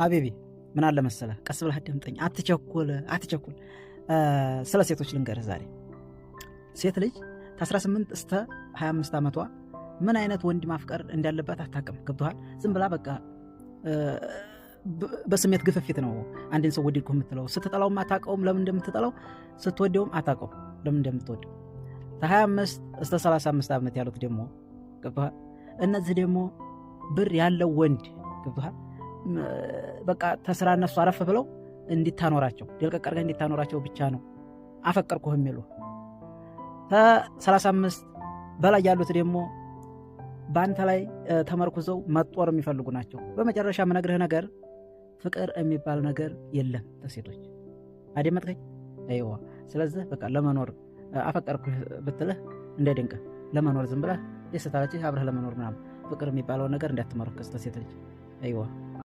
ሀቢቢ ምን አለ መሰለ ቀስ ብለህ አዳምጠኝ። አትቸኩል አትቸኩል። ስለ ሴቶች ልንገርህ ዛሬ። ሴት ልጅ ከ18 እስከ 25 ዓመቷ ምን አይነት ወንድ ማፍቀር እንዳለባት አታቅም ገብቶሃል? ዝም ብላ በቃ በስሜት ግፍፊት ነው አንድን ሰው ወዲድኩ የምትለው። ስትጠላውም አታውቀውም ለምን እንደምትጠላው፣ ስትወደውም አታቀው ለምን እንደምትወደው። ከ25 እስከ 35 ዓመት ያሉት ደግሞ ገብቶሃል? እነዚህ ደግሞ ብር ያለው ወንድ ገብቶሃል በቃ ተስራ እነሱ አረፍ ብለው እንዲታኖራቸው ደልቀቀርገ እንዲታኖራቸው ብቻ ነው አፈቀርኩህ የሚሉ ከሰላሳ አምስት በላይ ያሉት ደግሞ በአንተ ላይ ተመርኩዘው መጦር የሚፈልጉ ናቸው። በመጨረሻ የምነግርህ ነገር ፍቅር የሚባል ነገር የለም ተሴቶች አደመጥከኝ? ይዋ ስለዚህ በቃ ለመኖር አፈቀርኩህ ብትልህ እንደ ድንቅ ለመኖር ዝም ብለህ አብረህ ለመኖር ምናም ፍቅር የሚባለው ነገር እንዳትመረከዝ ልጅ